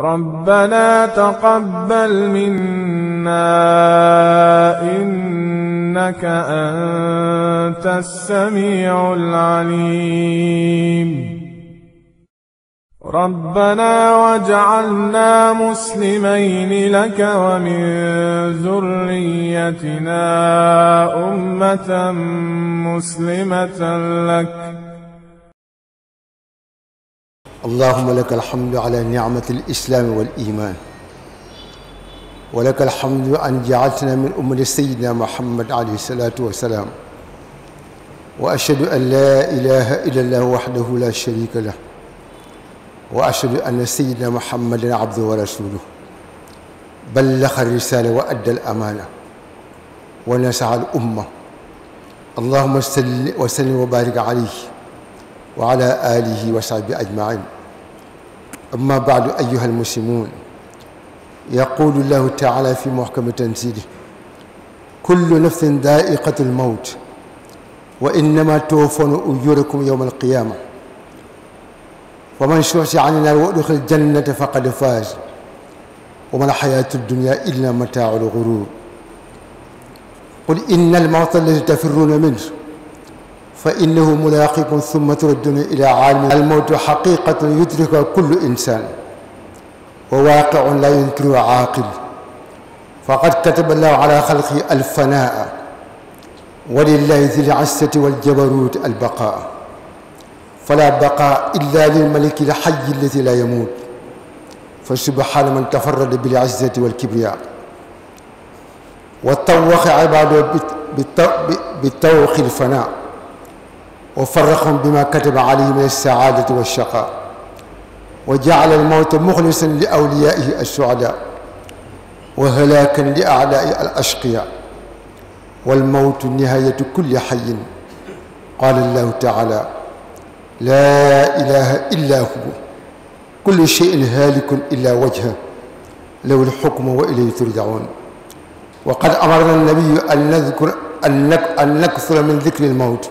ربنا تقبل منا إنك أنت السميع العليم ربنا واجعلنا مسلمين لك ومن ذريتنا أمة مسلمة لك اللهم لك الحمد على نعمة الإسلام والإيمان ولك الحمد أن جعلتنا من أمة سيدنا محمد عليه الصلاة والسلام وأشهد أن لا إله إلا الله وحده لا شريك له وأشهد أن سيدنا محمدا عبده ورسوله بلغ الرسالة وأدى الأمانة ونسع الأمة اللهم سل وسلم وبارك عليه وعلى آله وصحبه أجمعين أما بعد أيها المسلمون يقول الله تعالى في محكم تنزيله كل نفس ذائقة الموت وإنما توفون أجوركم يوم القيامة ومن شرش عن النار وادخل الجنة فقد فاز وما الحياة الدنيا إلا متاع الغرور قل إن الموت الذي تفرون منه فإنه ملاقب ثم تردون إلى عالم الموت حقيقة يدركها كل إنسان وواقع لا ينكره عاقل فقد كتب الله على خلقه الفناء ولله ذي العزة والجبروت البقاء فلا بقاء إلا للملك الحي الذي لا يموت فسبحان من تفرد بالعزة والكبرياء وطوخ عباده بالتوخ الفناء وفرقهم بما كتب عليه من السعادة والشقاء وجعل الموت مخلصا لأوليائه السعداء وهلاكا لأعداء الأشقياء والموت نهاية كل حي قال الله تعالى لا إله إلا هو كل شيء هالك إلا وجهه له الحكم وإليه ترجعون وقد أمرنا النبي أن نذكر أن نكثر من ذكر الموت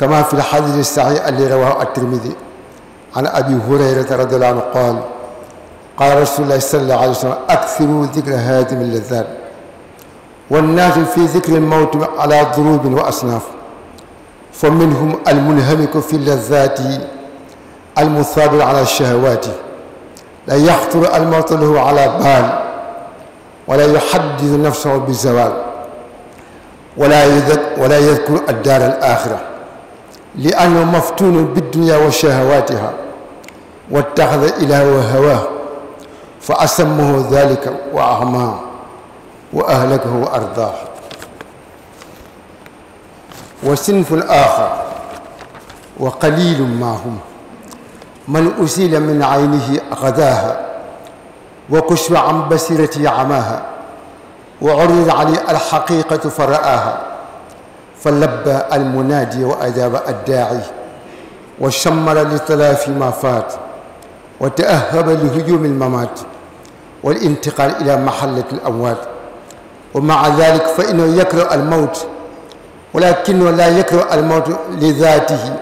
كما في الحديث الصحيح الذي رواه الترمذي عن أبي هريرة رضي الله عنه قال قال رسول الله صلى الله عليه وسلم أكثروا ذكر هادم اللذات والناس في ذكر الموت على ضروب وأصناف فمنهم المنهمك في اللذات المثابر على الشهوات لا يخطر الموت له على بال ولا يحدث نفسه بالزوال ولا ولا يذكر الدار الآخرة لأنه مفتون بالدنيا وشهواتها واتخذ إله وهواه فأسمه ذلك وأعماه وأهلكه وأرضاه وصنف آخر وقليل ما هم من أسيل من عينه غذاها وكشف عن بصيرته عماها وعرض عليه الحقيقة فرآها فلبى المنادي وأجاب الداعي وشمر لتلافي ما فات وتأهب لهجوم الممات والانتقال إلى محلة الأموات ومع ذلك فإنه يكره الموت ولكنه لا يكره الموت لذاته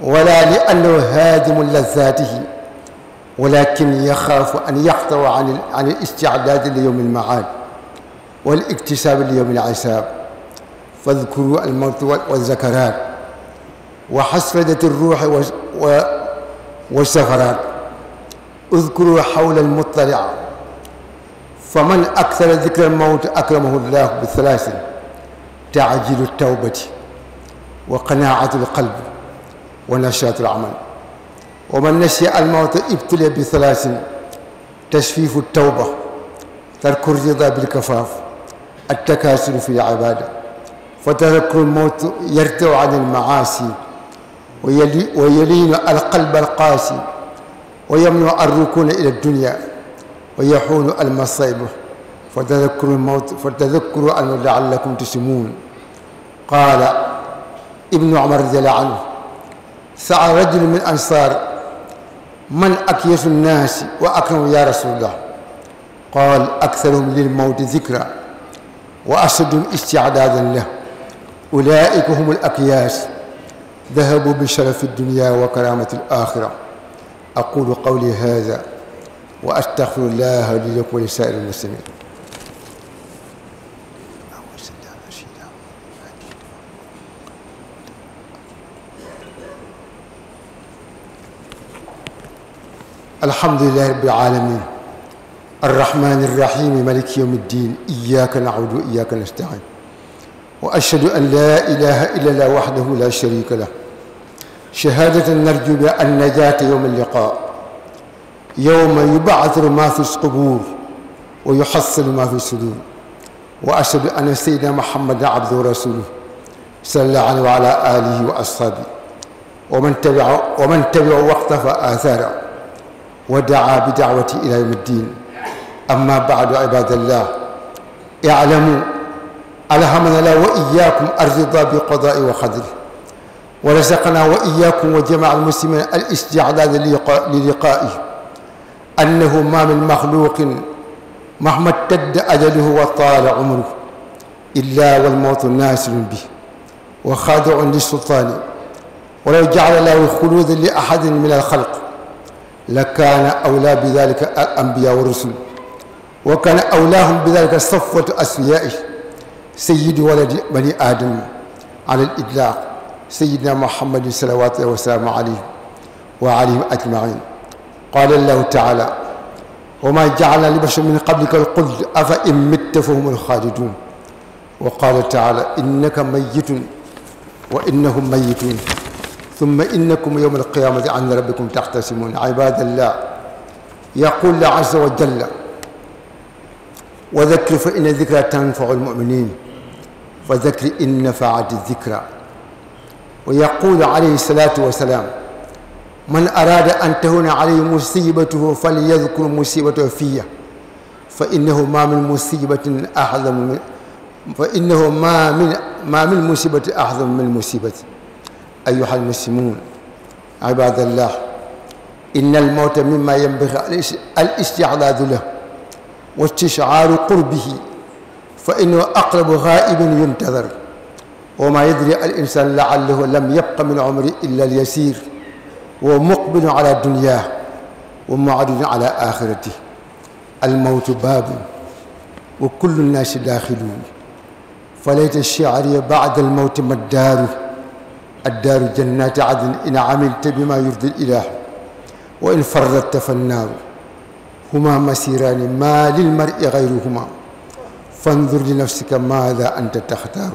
ولا لأنه هادم لذاته ولكن يخاف أن يحتوى عن عن الاستعداد ليوم المعاد والاكتساب ليوم العساب فاذكروا الموت والذكرات وحسرة الروح والسفرات اذكروا حول المطلع فمن أكثر ذكر الموت أكرمه الله بالثلاث تعجيل التوبة وقناعة القلب ونشرة العمل ومن نسي الموت ابتلي بثلاث تشفيف التوبة ترك الرضا بالكفاف التكاسل في العبادة فترك الموت يرتع عن المعاصي ويلي ويلين القلب القاسي ويمنع الركون إلى الدنيا ويحول المصائب فتذكروا الموت فتذكروا أن لعلكم تسمون قال ابن عمر رضي الله عنه سعى رجل من أنصار من أكيس الناس وأكرم يا رسول الله قال أكثرهم للموت ذكرى وأشدهم استعدادا له أولئك هم الأكياس ذهبوا بشرف الدنيا وكرامة الآخرة أقول قولي هذا وأستغفر الله لي ولكم ولسائر المسلمين الحمد لله رب العالمين الرحمن الرحيم ملك يوم الدين إياك نعبد وإياك نستعين وأشهد أن لا إله إلا الله وحده لا شريك له شهادة نرجو بها النجاة يوم اللقاء يوم يبعثر ما في القبور ويحصل ما في الصدور وأشهد أن سيدنا محمد عبد رسوله صلى الله عليه وعلى آله وأصحابه ومن تبع ومن تبع وقته فآثاره ودعا بدعوته إلى يوم الدين أما بعد عباد الله اعلموا ألهمنا لا وإياكم الرضا بقضاء وقدره ورزقنا وإياكم وجمع المسلمين الاستعداد للقائه أنه ما من مخلوق مهما امتد أجله وطال عمره إلا والموت ناسل به وخادع للسلطان ولو جعل له خلودا لأحد من الخلق لكان أولى بذلك الأنبياء والرسل وكان أولاهم بذلك صفوة أسفيائه سيد ولد بني آدم على الإطلاق سيدنا محمد صلوات الله وسلامه عليه وعليهم أجمعين قال الله تعالى وما جعلنا لبشر من قبلك القلد أفإن مت فهم الخالدون وقال تعالى إنك ميت وإنهم ميتون ثم إنكم يوم القيامة عند ربكم تختصمون عباد الله يقول عز وجل وذكر فإن الذكرى تنفع المؤمنين وذكر إن نفعت الذكرى ويقول عليه الصلاة والسلام من أراد أن تهون عليه مصيبته فليذكر مصيبته فيه فإنه ما من مصيبة أعظم من فإنه ما من ما من مصيبة أعظم من مصيبة أيها المسلمون عباد الله إن الموت مما ينبغي الاستعراض له واستشعار قربه فإنه أقرب غائب ينتظر وما يدري الإنسان لعله لم يبق من عمره إلا اليسير ومقبل على دنياه ومعد على آخرته الموت باب وكل الناس داخلون فليت الشعر بعد الموت ما الدار الدار جنات عدن إن عملت بما يرضي الإله وإن فردت فالنار هما مسيران ما للمرء غيرهما فانظر لنفسك ماذا أنت تختار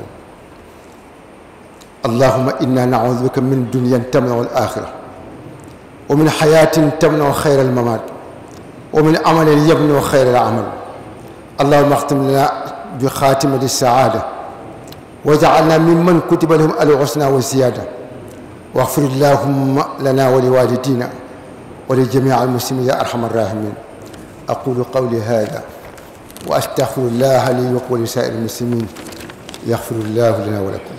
اللهم إنا نعوذ بك من دنيا تمنع الآخرة ومن حياة تمنع خير الممات ومن عمل يمنع خير العمل اللهم اختم لنا بخاتمة السعادة وجعلنا ممن كتب لهم الحسنى والزيادة واغفر اللهم لنا ولوالدينا ولجميع المسلمين يا أرحم الراحمين أقول قولي هذا واستغفر الله لي ولسائر المسلمين يغفر الله لنا ولكم.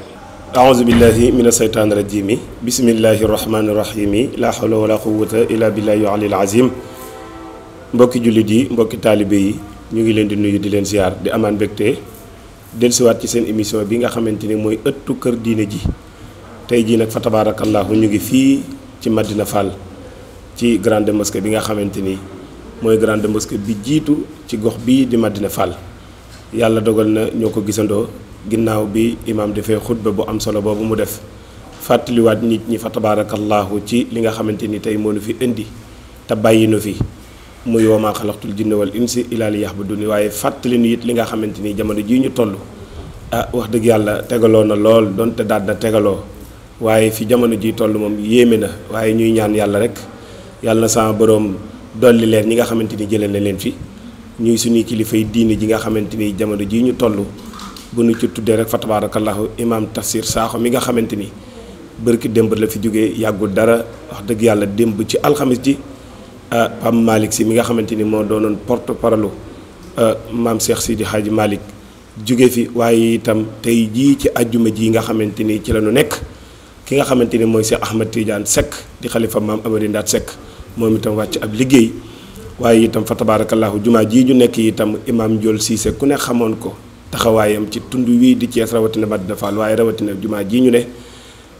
أعوذ بالله من الشيطان الرجيم بسم الله الرحمن الرحيم لا حول ولا قوة إلا بالله العلي العظيم مبكي جلدي مبكي طالبي نيجي لين دي دي لين زيار دي امان بكتي ديل سوات سي سين ايميسيون بيغا خامتيني موي اتو كير دينا جي تاي جي نك فتبارك الله نيجي في تي مدينه فال تي غراند مسك بيغا خامتيني mooy grande mosquée bi jiitu ci gox bii di Madina Fall yàlla dogal na ñoo ko gisandoo ginnaaw bi imaam defee xutba bu am solo boobu mu def fàttaliwaat nit ñi fa tabaarakallaahu ci li nga xamante ni tey moo nu fi indi te bàyyi nu fi muy wa maa xalaqtul jinna wal yax illaa liya'buduun waaye fàttali nu it li nga xamante ni jamono jii ñu toll ah wax dëgg yàlla tegaloo na lool donte daal na tegaloo waaye fi jamono ji toll moom yéeme na waaye ñuy ñaan yàlla rek yàlla na sama dolli leen ñi nga xamante ni jëlee na leen fi ñuy suñuy kilifa yi diine ji nga xamante ni jamono jii ñu toll bu ñu ci tuddee rek fa tabarakallahu imaam Tafsir Sakho mi nga xamante ni bërki démb la fi jóge yàggul dara wax dëgg yàlla démb ci alxamis ji ah, Pam Malick si mi nga xamante ni moo doonoon porte parole ah, maam si di Hadji Malick jóge fi waaye itam tey jii ci ajjuma ji nga xamante ni ci la ñu nekk ki nga xamante ni mooy Cheikh Ahmed Tidiane sekk di xalifa maam Amady Ndaat moom itam wàcc ab liggéey waaye itam fa tabaarakallaahu jumaa ji ñu nekk itam imaam Ndiol Cissé ku ne xamoon ko taxawaayam ci tund wii di Thiès rawatina Madina Fall waaye rawatina jumaa jii ñu ne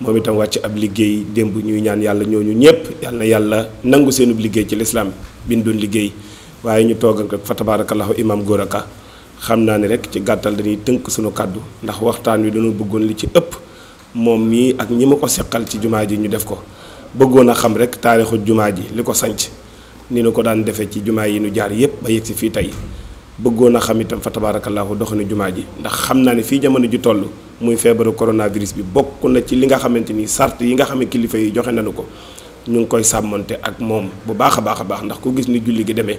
moom itam wàcc ab liggéey démb ñuy ñaan yàlla ñu ñëpp yàlla na yàlla nangu seenub liggéey ci lislaam bi liggéey waaye ñu toog ko fa tabaarakallaahu imaam Gora xam naa ne rek ci gàttal dañuy tënk suñu kàddu ndax waxtaan wi dañoo bëggoon li ci ëpp moom mii ak ñi ma ko seqal ci jumaa ji ñu def ko bëggoon a xam rek taarixu jumaa ji li ko sanc ni nu ko daan defee ci jumaa yi nu jaar yépp ba yegg si fii tey bëggoon a xam itam fa tabaarakallaahu doxinu jumaa ji ndax xam naa ne fii jamono ji toll muy feebaru coronavirus bi bokk na ci li nga xamante ni sart yi nga xam ne kilifa yi joxe nañu ko ñu ngi koy sàmmante ak moom bu baax a baax a baax ndax gis ni julli gi demee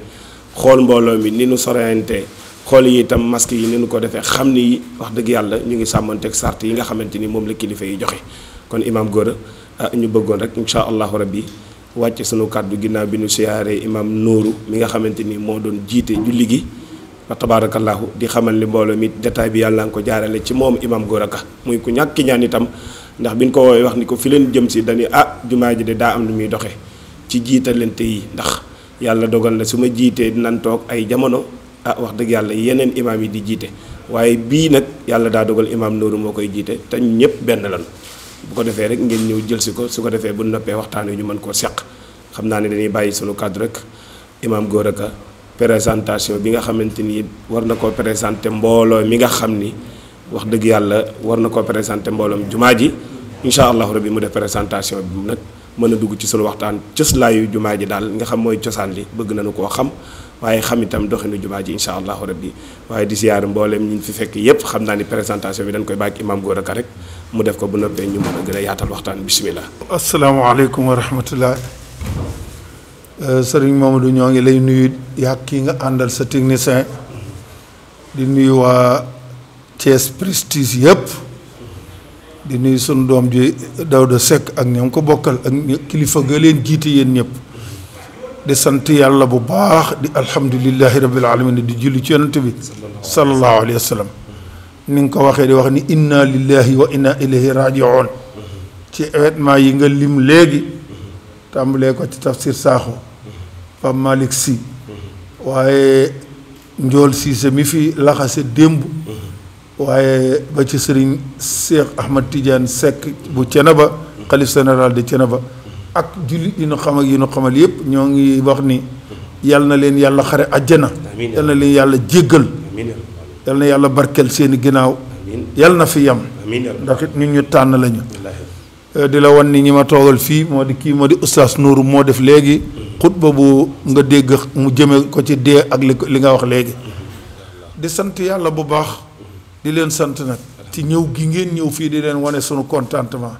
xool mbooloo mi ni nu soreyante xool yi itam yi ni nu ko defee xam ni wax dëgg yàlla ñu ngi sàmmante ak sart yi nga xamante ni moom la kilifa yi joxe kon imaam Gora ah ñu bëggoon rek incha allahu rabbi wàcce sunu kàddu ginnaaw bi ñu siyaaree imam Nooru mi nga xamante ni moo doon jiite julli gi fa tabaarakallaahu di xamal li mbooloo mi détail bi yàlla nga ko jaarale ci moom imaam góor aka muy ku ñàkk ñaan itam ndax bi ñu ko woowee wax ni ko fi leen jëm si dañuy ah jumaa ji de daa am lu muy doxee ci jiitalante yi ndax yàlla dogal na su ma jiitee dinañ toog ay jamono ah wax dëgg yàlla yeneen imaam yi di jiite waaye bii nag yàlla daa dogal imaam Nooru moo koy jiite te ñëpp benn lan bu ko defee rek ngeen ñëw jël si ko su ko defee bu noppee waxtaan wi ñu mën koo seq xam naa ne dañuy bàyyi sunu cadre rek imaam Gora présentation bi nga xamante ni war na koo présenté mbooloo mi nga xam ni wax dëgg yàlla war na koo présenté jumaa ji incha allahu rabi mu def présentation bi nag mën a dugg ci sunu waxtaan cëslaayu jumaa ji daal nga xam mooy cosaan li bëgg nañu koo xam waaye xam itam doxinu jumaa ji incha allahu rabi waaye di siyaar mbooleem ñu fi fekk yépp xam naa ni présentation bi dañ koy bàyyi imaam góor Ka rek. mu def ko bu noppee ñu mën a gën a yaatal waxtaan bisimilah. asalaamaaleykum wa rahmatullah euh, sëriñ Mamadou ñoo ngi lay nuyu yàgg kii nga àndal sa technicien di nuyu waa Thiès Prestige yëpp di nuyu sunu doom ji Daouda Seck ak ñoom ko bokkal ak kilifa ga leen jiite yéen ñëpp di sant yàlla bu baax di alhamdulillahi rabbil alamin di julli ci yonent bi sallallahu alayhi wa sallam ni nga ko waxee di wax ni inna lillahi wa inna ilayhi rajiun ci événement yi nga lim léegi tàmbalee ko ci tafsir saaxo Pape Malick Sy waaye njool siise mi fi laxase démb waaye ba ci sëriñ Cheikh Ahmad Tidiane Seck bu Cenaba xalif général de Cenaba ak jullit yi nu xam ak yi nu xamal yépp ñoo ngi wax ni yàlla na leen yàlla xare àjjana yàlla na leen yàlla jéggal yal na yàlla barkeel seeni ginnaaw yal na fi yam ndax ñu ñu tànn lañu eh, di la wan ni ñi ma toogal fii moo di kii moo di oustaz Nourou moo def léegi mm-hmm. xutba bu nga dégg mu jëme ko ci dee ak li li nga wax léegi mm-hmm. di sant yàlla bu baax di leen sant nag ci ñëw gi ngeen ñëw fii di leen wane sunu contentement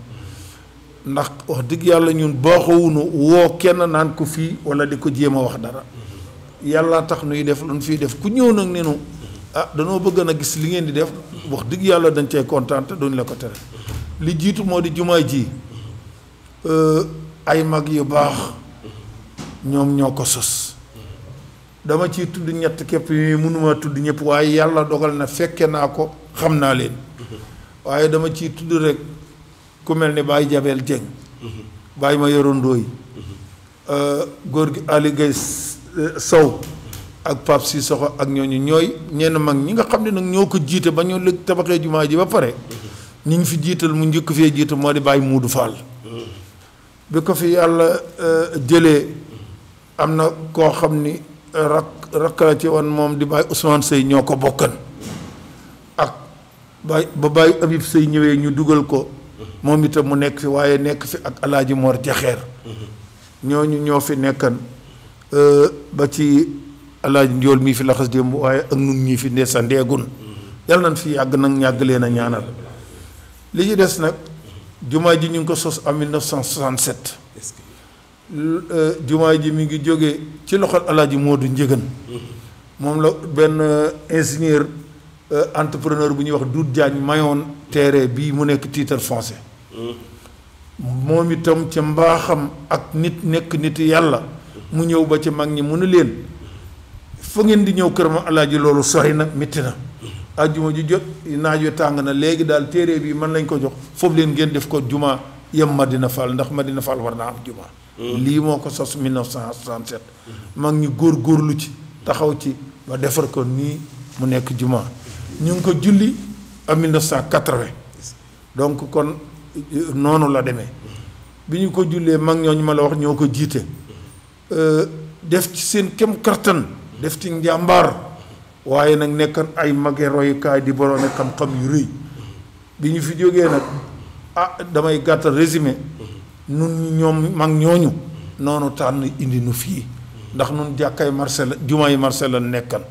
ndax wax dëgg yàlla ñun baaxawunu woo kenn naan ko fii wala di ko jéem a wax dara mm-hmm. yàlla tax nuy def lu nu fii def ku ñëw nag nenu ah danoo bëgg na gis li ngeen di def wax dëgg yàlla dañ cee kontaan te duñ la ko tere li jiitu moo di jumaay ji euh, ay mag yu baax ñoom ñoo ko sos dama ciy tudd ñett képp yi mënuma tudd ñëpp waaye yàlla dogal na fekke naa ko xam naa leen waaye dama ciy tudd rek ku mel ni Baye Jabel Dieng Baye ma yoroon ndóoy euh, góor gi Ali Guèye euh, Sow ak si Cissokho ak ñooñu ñooy ñenn mag ñi nga xam ne nag ñoo ko jiite ba ñu lëg tabaxee jumaa ji ba pare ñi ñu fi jiital mu njëkk fee jiite moo di bàyyi Muudu Fall ko fi yàlla euh, jëlee am na koo xam ni rak moom di bàyyi Ousmane Sey ñoo ko bokkan ak bàyyi ba bàyyi Habib Sey ñëwee ñu dugal ko moom itam mu nekk fi waaye nekk fi ak Alaaji Mor Jaxeer ñooñu ñoo fi nekkan euh, ba ci ala ndiol mi fi laxas dem waaye ak nun ñi fi ndeesaan deegun yal nañ fi yag nak ñag leena ñaanal li ci dess nak juma ji ñu ko sos en 1967 euh, juma ji mi ngi joge ci loxol aladi modou ndiegan moom la ben euh, ingénieur euh, entrepreneur bu ñu wax dout Diagne mayon terre bi mu nekk titre français moom itam ca mbaaxam ak nit nek nit yalla mu ñew ba ci magni mu ne leen foo ngeen di ñëw kër ma alaaji loolu sori nag métti na ajjuma ju jot naaj wi tàng na léegi daal téere bi mën nañ ko jox foofu leen ngeen def ko juma yem Madina Fall ndax Madina Fall war naa am juma mm. lii moo ko sos 1967 mag ñu góor góorlu ci taxaw ci ba defar ko nii mu nekk juma ñu ngi ko julli en 1980 donc kon noonu la demee bi ñu ko jullee mag ñooñu ma la wax ñoo ko jiite euh, def ci seen kem kartan def ci njàmbaar waaye nag nekkan ay mage royukaay di boroome xam-xam yu rëy bi ñu fi jógee nag ah damay gàttal résumé nun ñoom mag ñooñu noonu tànn indi nu fii ndax nun jàkkaay marché la jumaa yi marché la nekkan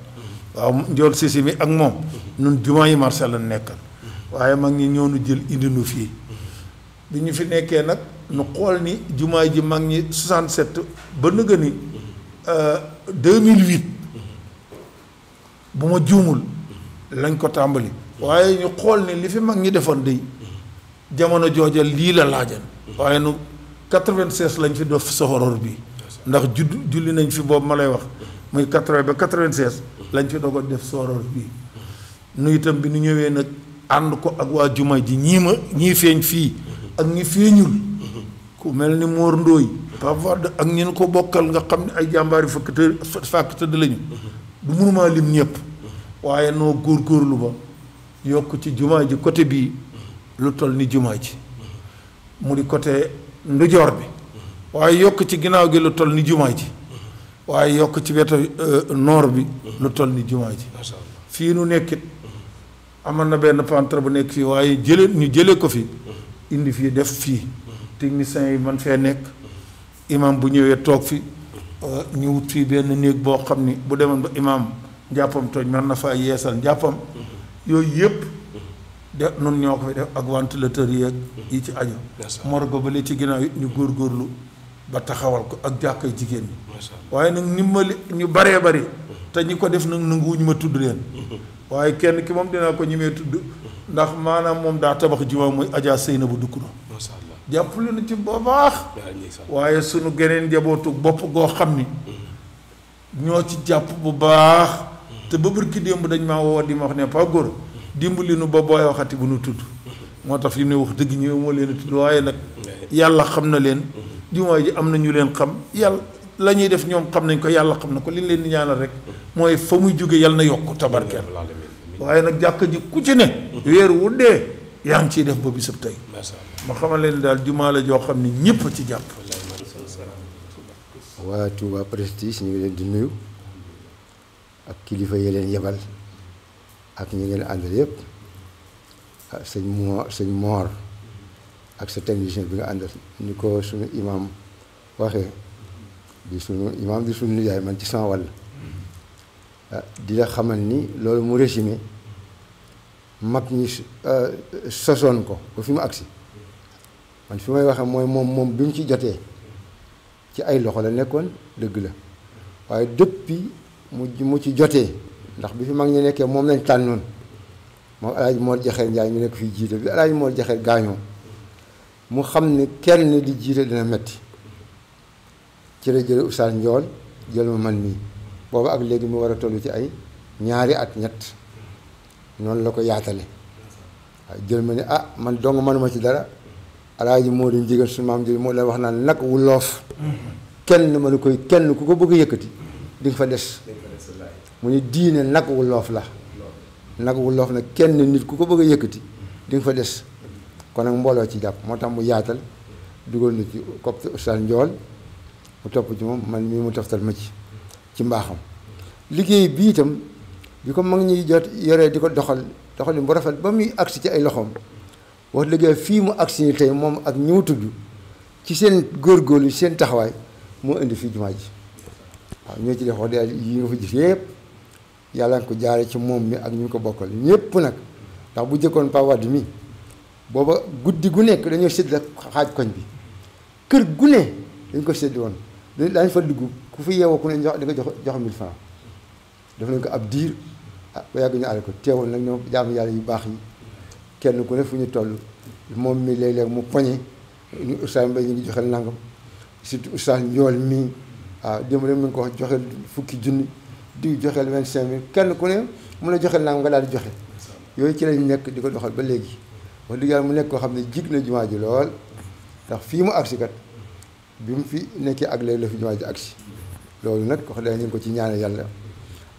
waaw sisi mi ak moom nun jumaa yi marché la nekkan waaye mag ñi ñoo nu jël indi nu fii bi ñu fi nekkee nag nu xool ni jumaa ji mag ñi 67 ba nëgë ni 2008 bu ma juumul lañ ko tàmbali waaye ñu xool ni li fi mag ñi defoon day jamono jooja lii la laajan waaye nu 96 lañ fi def soxoroor bi ndax judd julli nañ fi boobu ma lay wax muy 80 ba 96 lañ fi doog a def soxoroor bi nu itam bi nu ñëwee nag ànd ko ak waa juma ji ñii ma ñii feeñ fii ak ñi feeñul ku mel ni Mor Ndooy Pape Wade ak ñi nu ko bokkal nga xam ne ay jàmbaari fakk tëdd lañu du mënumaa lim ñëpp waaye noo góorlu ba yokk ci jumaa ji côté bii lu toll ni jumaa ji mu di côté ndujoor bi waaye yokk ci ginnaaw gi lu toll ni jumaa ji waaye yokk ci wetu euh, noor bi lu toll ni jumaa ji fii nu nekkit amal na benn pantre bu nekk fii waaye jële ñu jële ko fi indi fii def fii techniciens yi man fee nekk imam bu ñëwee toog fi Euh, ñu wut fii benn néeg boo xam ni bu demoon ba imaam njàppam tooñ man na faa yeesal njàppam yooyu yëpp de nun ñoo ko fi def ak ventilateur yeeg yi ci aju morgo ba li ci ginnaaw yi ñu góor góorlu ba taxawal ko ak jàkkay jigéen ñi waaye nag nimmali ñu baree bari te ñu ko def nag nanguwuñu ma tudd leen waaye kenn ki moom dinaa ko ñi mee tudd ndax maanaam moom daa tabax jumaa muy Ajaa na bu dukk na jàppale na ci ba baax. waaye sunu geneen njabootu bopp goo xam ni. ñoo ci jàpp bu baax. te ba bërki démb dañ maa woo di ma wax ne pas góor dimbali nu ba booy waxati bu nu tudd. moo tax fi mu ne wax dëgg ñëw moo leen a tudd waaye nag. yàlla xam na leen. jumaa ji am na ñu leen xam yàlla la def ñoom xam nañ ko yàlla xam na ko li leen di ñaanal rek. mooy fa muy jóge yàlla na yokk tabarkeel. waaye nag jàkka ji ku ci ne. weer wu dee. yaa ngi ciy def ba bisub tey ma xamal leen daal jumaa la joo xam ne ñëpp ci jàpp waa Touba Prestige ñu ngi leen di nuyu ak kilifa yi leen yebal ak ñu ngeen àndal yëpp sëñ moo sëñ moor ak sa technicien bi nga àndal ni ko suñu imam waxee di suñu imam di suñu yaay man ci sama wàll ah, di la xamal ni loolu mu résumé mag ñi euh, sosoon ko ba fi mu agsi man fi may waxee mooy moom moom bi mu ci jotee ci ay loxo la nekkoon dëgg la waaye depuis mu mu ci jotee ndax bi fi mag ñi nekkee moom lañ tànnoon moom El Hadj Mor Jaxeer Njaay mi nekk fii jiite bi alaaj Hadj Mor Jaxeer gaañoo mu xam ni ne kenn di jiite dina metti ci la jële Oustaz Njool jël ma man mii booba ak léegi mu war a toll ci ay ñaari at ñett noonu la ko yaatale jël ma ni ah man dong manuma ci dara alaaji moo di jigéen suñu maam ji moo la wax naan nag wu loof kenn mënu koy kenn ku ko bëgg yëkkati di fa des mu ne loof la nag loof nag kenn nit ku ko bëgg yëkkati di fa des kon nag mbooloo ci jàpp moo tax mu yaatal dugal na ci copte ustaas njool mu topp ci moom man mii mu toftal ma ci ci mbaaxam liggéey bi itam bi ko mag ñuy jot yoree di ko doxal doxalin bu rafet ba muy agsi ci ay loxoom wax dëgg fii mu agsi ni tey moom ak ñi mu tudd ci seen góor góorgóorlu seen taxawaay moo indi fii jumaa ji waaw ñoo ci def wax dëgg yi nga yëpp yàlla ko jaare ci moom mi ak ñu ko bokkal ñëpp nag ndax bu jëkkoon Pa mi booba guddi gu nekk dañoo sédd xaaj koñ bi kër gu dañ ko sédd woon daañu fa dugg ku fi ku ne jox di jox jox 1000 def nañ ko ab diir ah ba yàgg ñu àll ko teewul nag ñoom jaamu yàlla yu baax yi kenn ku ne fu ñu toll moom mii léeg-léeg mu poñe ñu ustaas mbay ñu ngi joxe nangam surtout ustaas njool mii waaw démb rek mu ngi ko wax joxel fukki junni di joxel vingt cinq mille kenn ku ne mu la joxel nangam nga daal di joxe yooyu ci lañ nekk di ko doxal ba léegi wax dëgg yàlla mu nekk koo xam ne jig na jumaa ji lool ndax fii mu agsi bi mu fi nekkee ak léegi la fi jumaa ji agsi loolu nag ko dëgg ñu ngi ko ci ñaane yàlla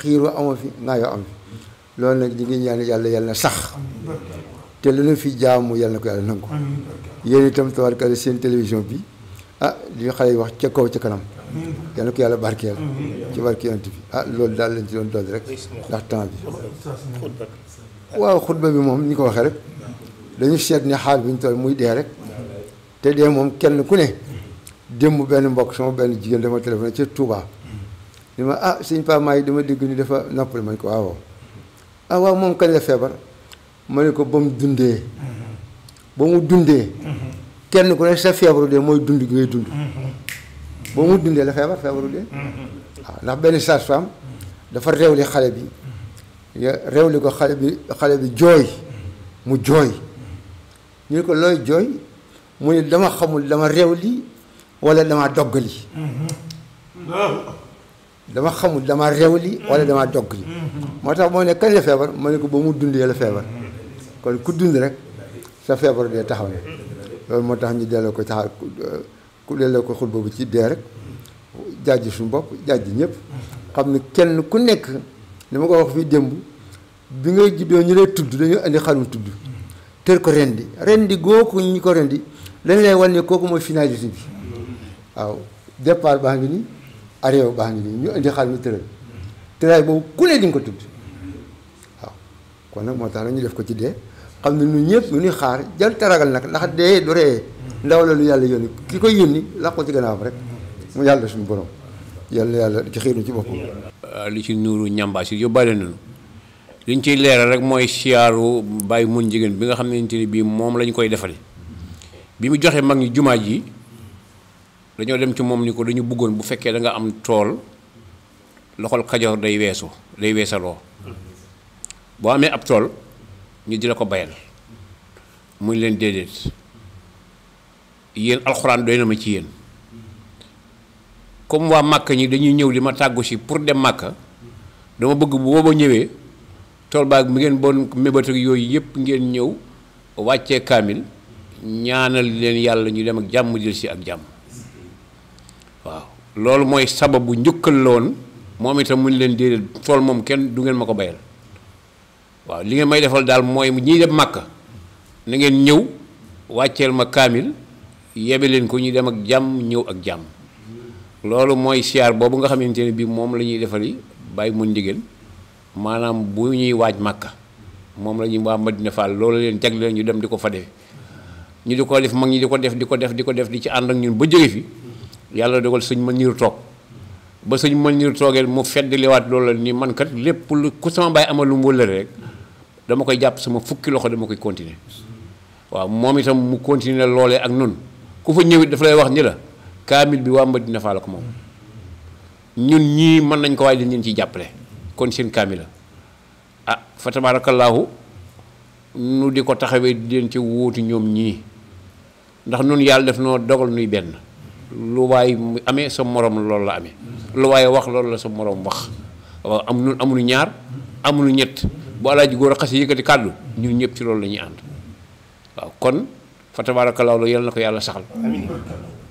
خيرو أم في نايا أم في لون لك دين يعني يلا يلا سخ تلون في جام ويلا كي يلا نكو يلي تم توار كذا سين تلفزيون بي أ لي خلي وقت كوكو تكلم يلا كي يلا بارك يلا تبار كي أنت في أ لول دال لنجون دال درك لحتان بي واو خد بي مهم نيكو خارج لين يشيد نحال بنتو المي ديرك تدي مهم كن كنه ديم بين بقشام بين جيل دم تلفون تشتوبه li ma ah sëñ Pape Mahi dama dégg ni dafa nopp li mañ ko ah, waaw ah waaw moom kañ la feebar ma ne ko ba mu dundee ba mu dundee kenn ku ne sa feebaru dee mooy dund gi ngay dund ba mu dundee la feebar feebaru dee ndax benn sage-femme dafa li xale bi li ko xale bi xale bi jooy mu jooy ñu ko looy jooy mu ne dama xamul dama li wala dama doggali dama xamul dama réew li wala dama dogg li mm-hmm. moo tax moo ne kañ la feebar ma ne ko ba mu dundee la feebar mm-hmm. kon ku dund rek sa feebar dee taxaw na loolu moo tax ñu delloo ko taxaw ku delloo ko xul boobu ci dee rek jaaj suñu bopp jaaj ñëpp xam ne kenn ku nekk dama ko wax fii démb bi ngay juddoo ñu lay tudd dañu indi xarum tudd mm-hmm. tër ko rendi rendi gooku ñu ko rendi dañ lay wan ne kooku mooy finalité bi waaw départ baa ngi nii areew baa ngi nii ñu indi xaal ñu tëral tëraay boobu ku ne di ko tudd waaw kon nag moo tax nag ñu def ko ci dee xam ne ñun ñëpp lu ñuy xaar jar taragal nag ndax dee du ree ndaw la lu yàlla yónni ki koy yónni laq ko ci gannaawam rek mu yàlla suñu borom yàlla yàlla ci xiir ci boppam. Euh, li ci nuuru ñambaas yi yóbbaale nañu liñ ciy leeral rek mooy siyaaru bàyyi mun jigéen bi nga xam ne bii moom lañu koy defale bi mu joxe mag ñi jumaa ji. dañoo dem ci moom ni ko dañu bëggoon bu fekkee da nga am tool loxol kajoor day weesu day weesaloo bo amee ab tool ñu di la ko bayal muy leen déedéet yéen alxuraan doy na ma ci yéen comme waa màkk ñi dañuy ñëw di ma tàggu si pour dem màkk dama bëgg bu booba ñëwee tool baag mi ngeen bon mébat ak yooyu yépp ngeen ñëw wàccee kaamil ñaanal leen yàlla ñu dem ak jàmm jël si ak jàmm waaw loolu mooy sababu njukkal la woon moom itam mu leen déedéet tool moom kenn du ngeen ma ko bayal waaw li ngeen may defal daal mooy ñiy dem màkka na ngeen ñëw wàcceel ma kaamil yebe leen ko ñu dem ak jàmm ñëw ak jàmm loolu mooy siyaar boobu nga xamante ne bii moom la ñuy defali bàyyi mu ndigal maanaam bu ñuy waaj màkka moom la ñuy waa Madina Fall loolu leen jagleel ñu dem di ko fa defe ñu di ko def mag ñi di ko def di ko def di ko def di ci ànd ak ñun ba jóge fi yàlla dogal sëñ ma niir toog ba sëñ ma niir toogee mu fedd liwaat la ni mankat kat lépp lu ku sama baay amal wëllëre rek dama koy jàpp sama fukki loxo dama koy continuer waaw moom itam mu continuer loole ak nun ku fa ñëwit dafa lay wax ni la kaamil bi waa Madina Fall ko moom ñun ñii mën nañ ko waaye dañ leen ciy jàppale kon seen kaamila la ah fa tabaarakallaahu nu di ko taxawee di leen ci wóotu ñoom ñii ndax nun yàlla def noo dogal nuy benn lu way amé sa morom lool la amé lu way wax lool la sa morom wax amul amul ñaar amul ñet bu alaaji góor a xase yëkkati kàddu ñëpp ci lool la waaw kon fa tabarakallah loolu yalla nako yalla yàlla saxal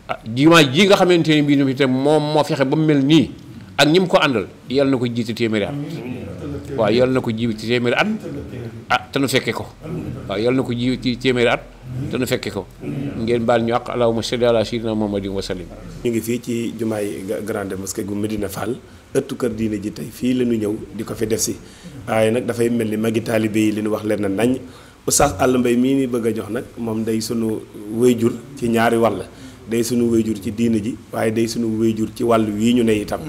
ah jumaa ji nga xamanteni bi ñu ni itam moom moo fexe ba mel ni ak ñim ko andal yalla nako jitté témir at wa yalla nako ko at ah tanu ko wa yalla nako at tanu ko ngeen baal ñu àq allahumma salli ala sayyidina muhammadin wa sallim ñu ngi fii ci jumaay grande mosquée gu Medina Fall ëttu kër diine ji tey fii la ñu ñëw di ko fi def si waaye nag dafay mel ni magi taalibe yi li ñu wax leen na nañ oustaz àll mbay mii ni bëgg a jox nag moom day sunu wéyjur ci ñaari wàll day sunu wéyjur ci diine ji waaye day sunu wéyjur ci wàll wii ñu ne itam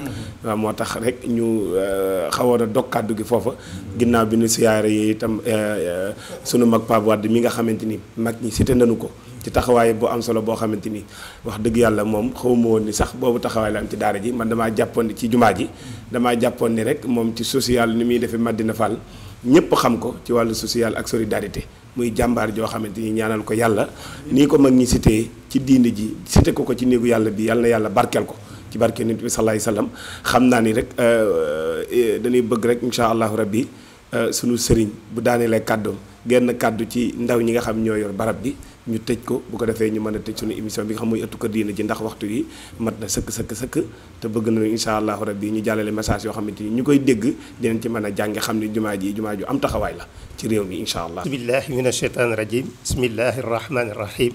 waaw moo tax rek ñu euh, xawoon a dog kàddu gi foofa ginnaaw bi ñu siyaare yi itam euh, euh, sunu mag Pape Wade mi nga xamante ni mag ñi cité nañu ko ci taxawaay bu am solo boo xamante ni wax dëgg yàlla moom xawma woon ni sax boobu taxawaay la am ci daara ji man damaa jàppoon ni ci jumaa ji damaa jàppoon ni rek moom ci social ni muy defee Madina Fall ñëpp xam ko ci wàllu social ak solidarité muy jàmbaar joo xamante ni ñaanal ko yàlla nii ko mag ñi sitee ci diine ji cité ko ko ci néegu yàlla bi yàlla yàlla barkeel ko ci barke nit bi salaay salaam xam naa ni rek euh, euh, dañuy bëgg rek incha allahu rabbi Euh, sunu sëriñ bu daanelee kàddoom genn kàddu ci ndaw ñi nga xam ñoo yor barab bi ñu tëj ko bu ko defee ñu mën a tëj sunu émission bi nga xam mooy ëttu ko diine ji ndax waxtu yi mat na sëkk sëkk sëkk te bëgg nañu incha allahu rabbi ñu jàllale message yoo xamante ni ñu koy dégg dinañ ci mën a jànge xam ne jumaa ji jumaa ju am taxawaay la ci réew mi incha allah billahi min asheytaan rajim bismillahi rahmani rahim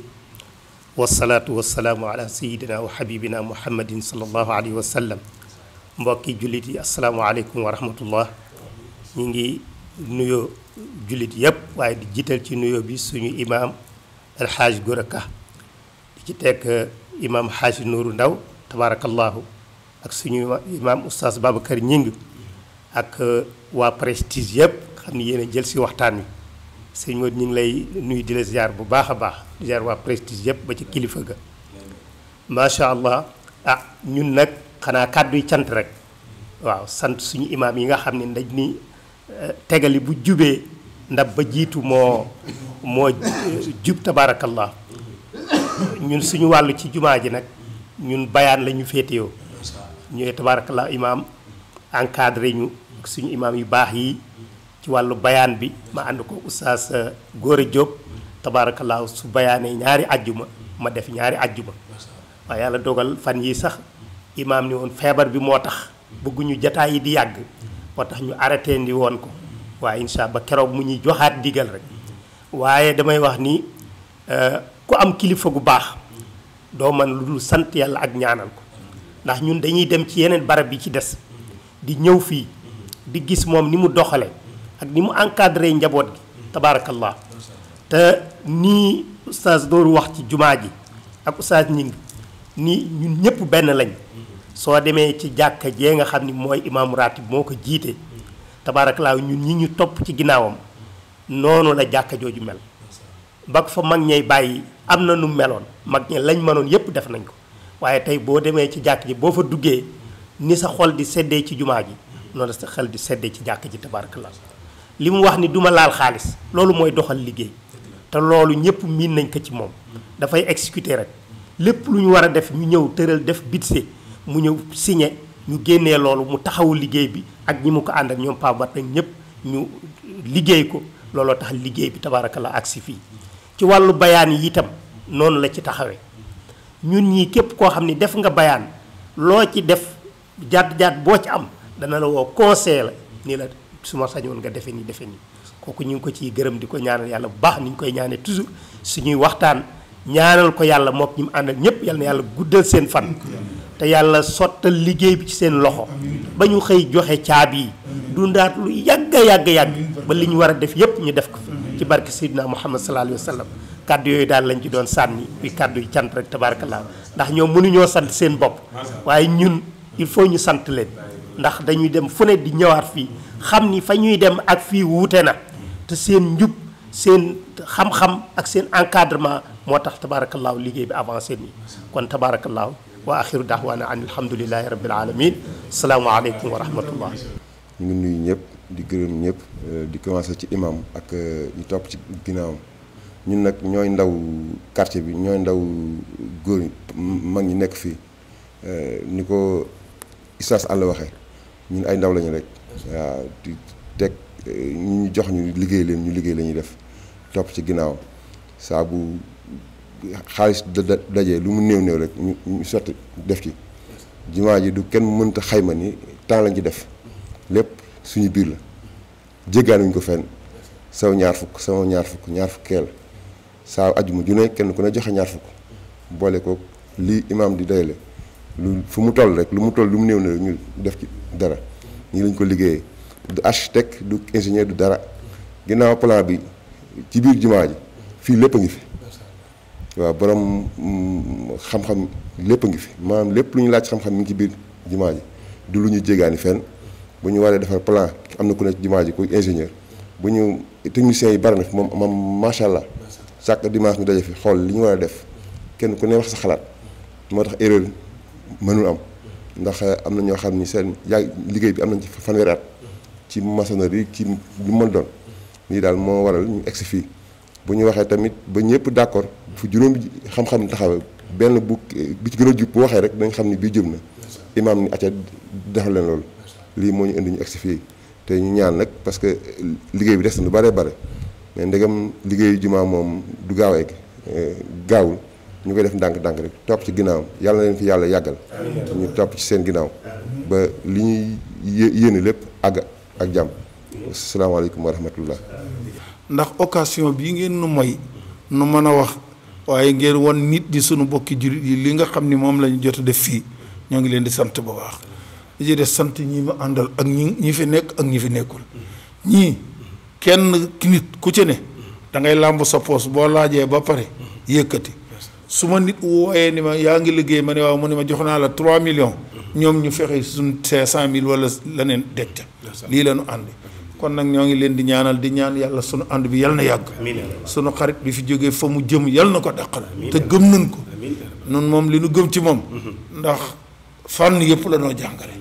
wasalaatu wasalaamu ala sayidina wa xabibina muhammadin sallallahu alayhi wa sallam mbokki jullit yi asalaamaaleykum wa rahmatullah ñi ngi nuyoo jullit yépp waaye di jiital ci nuyoo bi suñu imaam alxaaj goraka di ci tekk uh, imaam xaaj nuuru ndaw tabaarakallaahu ak suñu imaam oustaz babacar ñing ak uh, waa prestige yépp xam ni yéen a jël si waxtaan wi sëñ Modou ñu ngi lay nuyu di la ziar bu baax a baax ziar waa prestige yépp ba ci kilifa ga macha allah ah ñun nag xanaa kàddu yi cant rek waaw sant suñu imaam yi nga xam ne ndaj ni tegali bu jubee ndab ba jiitu moo moo jub tabaarakallah ñun suñu wàllu ci jumaa ji nag ñun bayaan la ñu féetewoo ñooy tabaarakallah imaam encadré ñu suñu imaam yu baax yi ci wàllu bayaan bi ma ànd ko oustaz uh, Gora Diop tabaarakallah su bayaanee ñaari ajjuma ma def ñaari ajjuma waaye yàlla dogal fan yi sax imaam ni woon feebar bi moo tax bëgguñu jataay yi di yàgg motax ñu arrêté ndi won ko wa insha ba kéro mu ñi joxat digal rek waaye damay wax ni euh, ku am kilifa gu bax do man lu dul sant yalla ak ñaanal ko ndax ñun dañuy dem ci yenen barab bi ci dess di ñew fi di gis mom ni mu doxale ak ni mu encadrer njabot gi tabarakallah te nii oustaz door wax ci jumaa ji ak oustaz ñing ni ñun ñepp ben lañ soo demee ci jàkka jee nga xam ni mooy imaamu ratib moo ko jiite tabaarakalaaw ñun ñi ñu topp ci ginnaawam noonu la jàkka jooju mel ba fa mag ñeey bàyyi am na nu meloon mag ñi lañ mënoon yépp def nañ ko waaye tey boo demee ci jàkk ji boo fa duggee ni sa xol di seddee ci jumaa ji noonu sa xel di seddee ci jàkk ji tabaarakalaaw li mu wax ni duma laal xaalis loolu mooy doxal liggéey te loolu ñëpp miin nañ ko ci moom dafay exécuter rek lépp lu ñu war a def ñu ñëw tëral def budget mu ñëw signé ñu génné loolu mu taxaw liggéey bi ak ñi mu ko ànd ak ñoom pabat ak ñëpp ñu liggéey ko looloo tax liggéey bi tabaarakala ak si fii ci wàllu bayaan yi itam noonu la ci taxawee ñun ñii képp koo xam ne def nga bayaan loo ci def jaat-jaat boo ci am dana la woo conseil la la suma sañoon nga defe nii defe nii kooku ñu ko ci gërëm di ko ñaanal yàlla baax ni ñu koy ñaanee toujours suñuy waxtaan ñaanal ko yàlla mook ñi àndal ñëpp yàlla na yàlla guddal seen fan te yàlla sottal liggéey bi ci seen loxo ba ñu xëy joxe caabi yi dundaat lu yàgg a yàgg ba li ñu war a def yépp ñu def ko ci barke Seydina Muhammad sallallahu alayhi wa sallam kàddu yooyu daal lañ ci doon sànni bi kàddu yi cant rek tabarakallah ndax ñoo mënuñoo sant seen bopp waaye ñun il faut ñu sant leen ndax dañuy dem fu ne di ñëwaat fii xam ni fa ñuy dem ak fii wuute na te seen njub seen xam-xam ak seen encadrement moo tax tabarakallah liggéey bi avancé nii kon واخر دعوانا عن الحمد لله رب العالمين السلام عليكم ورحمه الله نيغي نوي نييب دي گريم نييب دي كومونسي سي امام اك ني توپ سي گيناو نين نك نيوي نداو كارتي بي نيوي نداو گور ماغي نيك في نيكو استاس الله وخه نين اي نداو لا ني ريك دي تك ني جوخ ني ليگي لين ني ليگي لا ني ديف توپ سي گيناو سابو xaalis da daje lu mu néew néew rek ñu ñu sotti def ci jumaa ji du kenn mënta xayma ni temps lañ ci def lépp suñu biir la jéggaanuñ ko fenn saw ñaar fukk sama ñaar fukk ñaar fukkeel saa ajuma ju ne kenn ku ne joxe ñaar fukk boole ko lii imaam di dayale lu fu mu toll rek lu mu toll lu mu néew néew ñu def ci dara ñi lañ ko liggéeyee du architecte du ingénieur du dara ginnaaw plan bi ci biir jumaa ji fii lépp a ngi fi waaw borom mm, xam-xam lépp a ngi fi maanaam lépp lu ñu laaj xam-xam mi ngi ci biir jumaa ji du lu ñu jégaani fen bu ñu waree defar plan am na ku ne ci jumaa ji ku ingénieur bu ñu techniciens yi bari fi moom moom macha allah chaque dimanche ñu daje fi xool li ñu war a def kenn ku ne wax sa xalaat moo tax erreur mënul am ndax eh, am na ñoo xam ni seen yàgg liggéey bi am nañ ci fanweeri at ci maçonnerie ci lu mën doon lii daal moo waral ñu egsi fii bu ñu waxee tamit ba ñëpp d'accord fu juróom xam-xam taxawee benn bu bi ci gën a jub bu waxee rek dañ xam ni bii jub na imaam ni acca defal leen loolu lii moo ñu indi ñu agsi fii te ñu ñaan nag parce que liggéey bi des na lu bare bare mais ndegam liggéeyu jumaa moom du gaawee eh, gaawul ñu koy def ndànk-ndànk rek topp ci ginnaaw yàlla na leen fi yàlla yàggal ñu topp ci seen ginnaaw ba li ñuy yéene lépp àgg ak jàmm asalaamaaleykum wa rahmatullah ndax occasion bii ngeen nu moy nu mën a wax waaye ngeen won nit di sunu bokki jullit yi li nga xam ni moom lañu jot a def fii ñoo ngi leen di sant bu baax li ci des sant ñi ma àndal ak ñi ñi fi nekk ak ñi fi nekkul ñii kenn nit ku ci ne da ngay làmb sa poos boo laajee ba pare yëkkati su ma nit wooyee ni ma yaa ngi liggéey ma ne waaw mu ne ma jox naa la 3 millions ñoom ñu fexe cent mille wala leneen deg ca lii la ñu àndi kon nag ñoo ngi leen di ñaanal di ñaan yàlla sunu ànd bi yal na yàgg sunu xarit bi fi jógee fa mu jëm yal na ko dàqal te gëm mën ko nun moom li nu gëm ci moom mm-hmm. ndax fànn yëpp la noo jàngale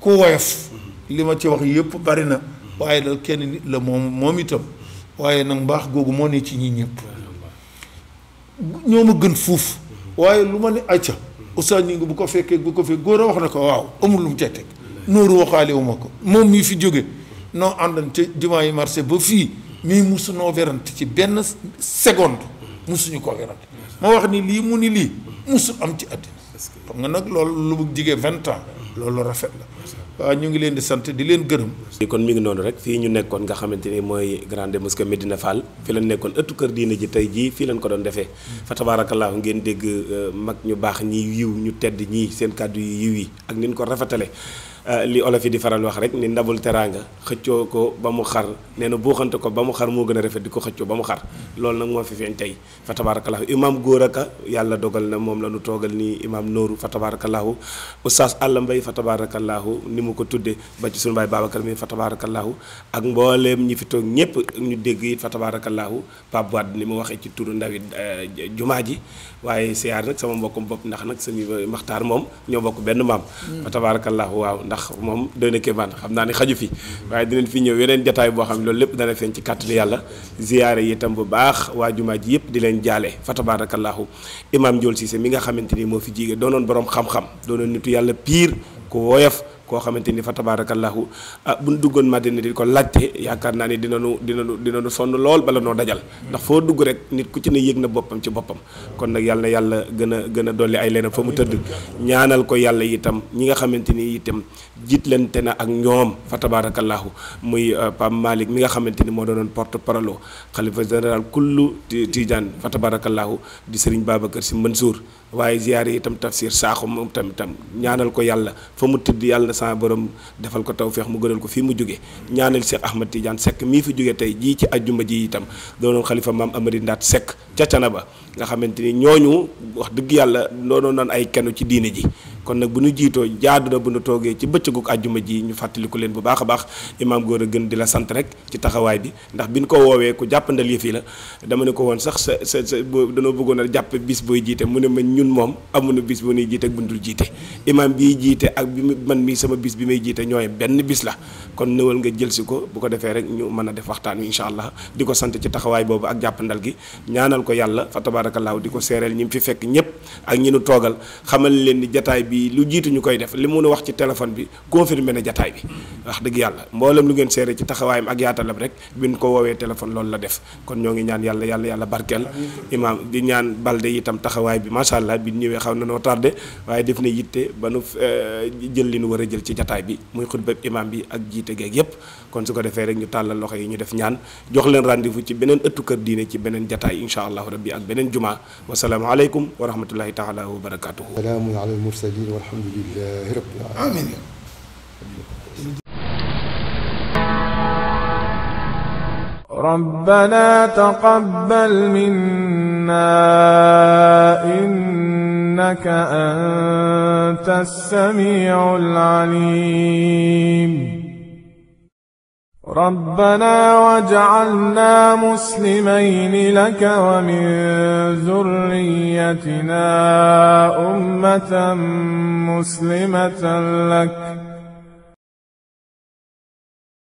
ku woyof ma ci wax yëpp bari na waaye dal kenn la moom moom itam waaye nag mbaax googu moo ne ci ñi ñëpp ñoo ma gën fuuf waaye lu ma ne acca oustaz ñi ngi bu ko fekkee bu ko fekk góor a wax na ko waaw amul lu mu ca teg nooru ko moom mii fi jóge noo àndoon ca jumaa yu marché ba fii mii mais noo werante ci benn seconde mosuñu koo werante ma wax ni lii mu ni lii mosul am ci àddina xam nga nag loolu lu mu jigee vingt ans loolu rafet la waaw ñu ngi leen di sant di leen gërëm. kon mi ngi noonu rek fii ñu nekkoon nga xamante ni mooy grande mosquée Medina Fall fi lañ nekkoon ëttu kër diina ji tey jii fii lañ ko doon defee fa tabaarakallaahu ngeen dégg euh, mag ñu baax ñii yiw ñu tedd ñii seen kàddu yi yi ak ni ko rafetale Euh, li olof yi di faral wax rek ni ndabul teraanga xëccoo ko ba mu xar nee na buuxante ko ba mu xar moo gën a rafet di ko xëccoo ba mu xar loolu nag moo fi feeñ tey fa tabarakallahu imaam góor aka yàlla dogal na moom la nu toogal nii imaam nooru fa tabarakallahu oustaz àlla mbay fa tabarakallahu ni mu ko tuddee ba ci sunu baay babacar mi fa tabarakallahu ak mbooleem ñi fi toog ñëpp ñu dégg it fa tabarakallahu Pape ni mu waxee ci turu ndawi euh, jumaa ji waaye siyaar nag sama mbokkum bopp ndax nag sëñ Maxtaar moom ñoo bokk benn ndax moom doy na kéemaan xam naa ne xaju fi waaye dinañ fi ñëw yeneen jataay boo xam ne loolu lépp dana feeñ ci kàttanu yàlla ziyaare yi itam bu baax waa jumaa ji yëpp di leen jaale fa tabarakallahu imaam Ndiol Cissé mi nga xamante ni moo fi jige doonoon borom xam-xam doonoon nitu yàlla piir ku woyof koo xamante ni fa tabarakallahu ah buñ duggoon Madina di ko laajte yaakaar naa ni dinañu dina dinañu sonn lool bala noo dajal ndax foo dugg rek nit ku ci ne yëg na boppam ci boppam kon nag yàlla yàlla gën a gën a dolli ay leneen foo mu tëdd ñaanal ko yàlla itam ñi nga xamante ni itam jiitlante na ak ñoom fa tabarakallahu muy ah, Pam Malick mi nga xamante ni moo doonoon porte parole xalifa général kullu Tidiane fa tabarakallahu di Serigne Babacar Sy Mansour waaye ziyaar yi itam tafsir saaxu moom tam tam ñaanal ko yàlla foo mu tëdd yàlla na sama borom defal ko taw feex mu gënal ko fii mu jóge ñaanal Cheikh Ahmad Tidiane sekk mii fi jóge tey jii ci ajjuma ji itam doonoon xalifa maam Amari Ndaat sekk ca Canaba nga xamante ni ñooñu wax dëgg yàlla doonoon naan ay kenn ci diine ji kon nag bu nu jiitoo jaadu na bu ñu toogee ci bëccëgu àjjuma ji ñu fàttaliku leen bu baax a baax imaam góor a gën di la sant rek ci taxawaay bi ndax bi ñu ko woowee ku jàppandal yëf yi la dama ne ko woon sax sa sa sa danoo bëggoon a jàpp bis booy jiite mu ne ñun moom amuñu bis bu ñuy bu dul jiite imaam bii jiite ak bi mii sama bis bi may jiite ñooy benn bis la kon nëwal nga jël si ko bu ko defee rek ñu mën a def waxtaan wi incha allah di ko sant ci taxawaay boobu ak jàppandal gi ñaanal ko yàlla fa tabaarakallaahu di ko seereel ñi fi fekk ñëpp ak ñi toogal xamal leen ni jataay bi lu jiitu ñu koy def li mu mën a wax ci téléphone bi confirmé na jataay bi wax dëgg yàlla mboolem lu ngeen seere ci taxawaayam bi ñu la def kon ñoo ngi ñaan yàlla yàlla yàlla barkeel imaam di ñaan bi macha allah bi xaw na noo tardé waaye def na yitte ba nu eh, jël li nu war a jël ci jataay bi muy xutba imaam bi ak jiite geeg yépp kon su ko defee rek ñu tàllal loxo yi ñu def ñaan jox leen rendez-vous ci beneen ëttu kër diine ci beneen jataay incha allahu rabbi ak beneen jumaa wasalaamu aleykum wa rahmatullahi taala wa barakatuhu العالمين والحمد لله رب العالمين آمين ربنا تقبل منا إنك أنت السميع العليم ربنا واجعلنا مسلمين لك ومن ذريتنا أمة مسلمة لك